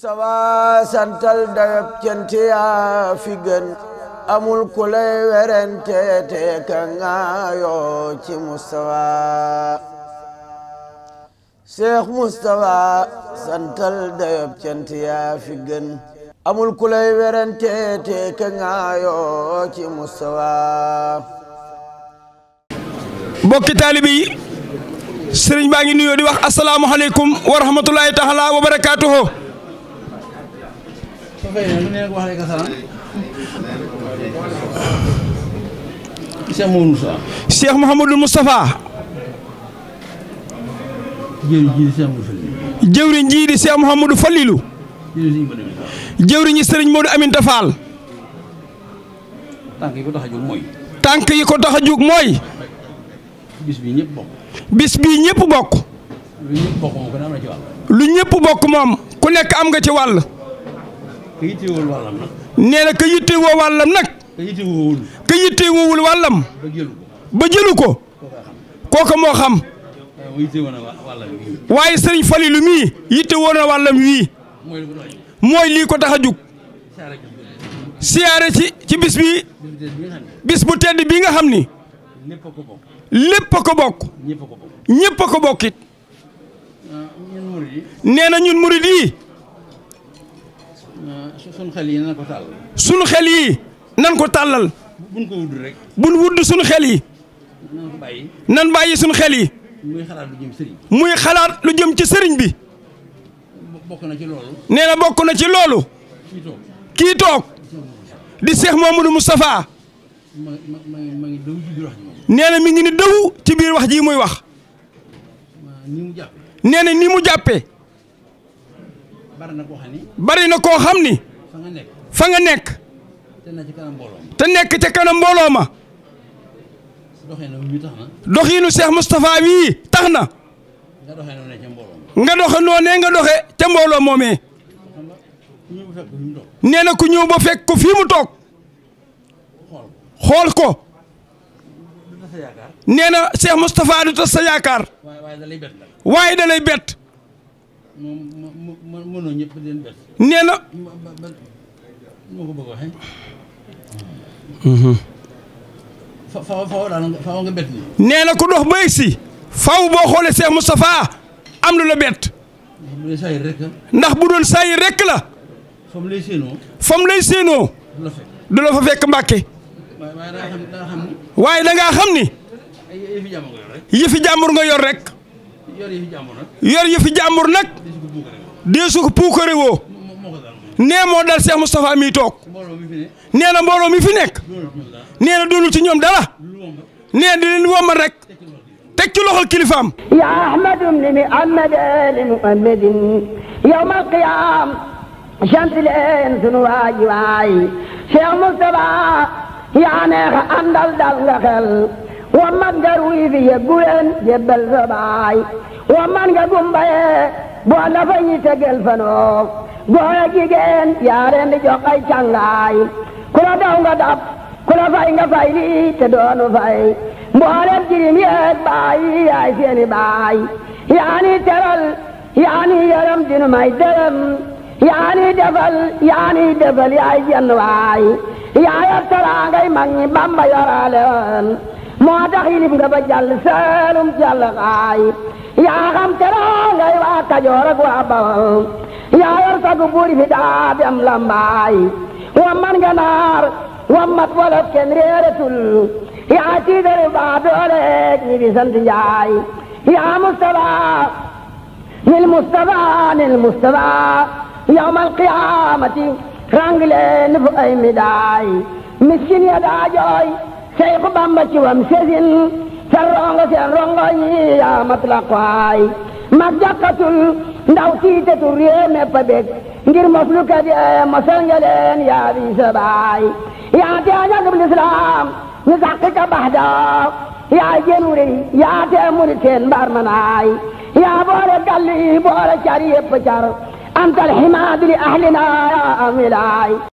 Mustafa santal dayob amul ku lay werante te ci Mustafa Cheikh Mustafa santal dayob cant yaa fi gën amul ku lay werante te ci Mustafa mbokki taalibe yi baa ngi nuyoo di wax asalaamualeykum wa rahmatulahi taala wa barakaatuhu su fekkee lu ne wax rek asalaam. Cheikh Mouhamadou Moustapha. jëwriñ jii di Cheikh Mouhamadou Falilou. jëwriñ jii di Aminta Fall. tànk yi ko tax a jóg mooy. bis bii ñëpp bokk. bis bii ñëpp bokk. lu ñëpp bokk ku bokk moom ku nekk am nga ci wàll. nee na ka yitte woo wàllam nag. ka yitte woowul wàllam. ba jëlu ko. kooka moo xam. waaye sëriñ Falilu mii yitte woon wàllam wii. mooy lii ko tax a jug. siyaare ci ci bis bi bis bu tedd bii nga xam ni. lépp a ko bokk. lépp ko bokkit. Ah, nee na ñun murid yi. sunu xel yi nan ko tàllal. sunu xel yi nan ko tàllal. buñ ko wudd rek. buñ wudd sunu xel yi. nan bàyyi. nan bàyyi sunu xel yi. muy xalaat lu jëm xalaat lu jëm ci sëriñ bi. bokk na ci loolu. nee na bokk na ci loolu. kii toog kii toog. di Cheikh Mamadou Moustapha. ma ma ma ngi mi ngi ni daw ci biir wax ji muy wax. nee na mu jàppee. bari na koo xam ni. bari na koo xam ni. fa nga nekk fa nga te nekk ca kanam mbooloo ma. te nekk ca kanam mbooloo ma. doxinu mi tax na. wii tax na. nga doxe noone ca mbooloo ma. nga doxe noone nga doxe ca mbooloo moomee. nee na ku ñëw ba fekk ko fii mu toog. xool ko. nee na Cheikh Moustapha du tas sa yaakaar. waaye dalay lay bett. mënoo ñëpp leen bett. nee na. ma ko bëgg a mhm. nee na ku dox ba si faaw boo xoolee Cheikh Moustapha am lu la bett. ndax bu doon saa yi rek la. fa lay séenoo. fa mu séenoo. du la fa fekk mbàkke. waaye da xam ni. yëfi yëfi jàmbur nga yor rek. yor yëfi jàmbur nag. yor yëfi jàmbur woo. nee moo dal Cheikh Moustapha mi toog. nee na mbooloo mi fi nekk. nee na doonul ci ñoom dara. nee di leen womal rek. teg ci loxol kilifaam. yaa Ahmadu li Muhammad li Muhammadin yawmal qiyaam sant leen sunu waaji waay Cheikh Moustapha yaa neex a dal nga xel womat gar wi fi yëggu leen jébbal sa baay wa man nga gumbayee boo la fa yi tegel fanoo góor ak jigéen di jox ay càngaay ku la daw nga dab ku la fay nga fay lii te doonu fay mboolem jirim yeeg baay yaay seeni baay yaa ni teral yaa ni yaram dinu may dërëm yaa yaay jenn waay yaa yor teraangay mag ñi Bamba yoraale moo tax yilif nga ba jàll saalum jàll xaay يا غم ترى يا واكا يورك وابا يا يرسا قبوري في داب يم لمباي ومن جنار ومت ولف كنري رسول يا تيدر باب ولك نبي جاي يا مصطفى للمصطفى للمصطفى يوم القيامة رانجلين فؤي مداي مسكين يا داجوي شيخ بامبتي ومسكين ca rongo seen rongo yi yaa mat la xaay mag jàkkatul ndaw tiitatul réew mépp a bég ngir mos lu ka di mosal nga yaa bi sa baay yaa tee ñagub lislaam ñu sàqi ka yaa jéenu rëy yaa tee murit seen mbaar manaay yaa boole galli boole car yépp car antal ximaadili ahlina yaa am wilaay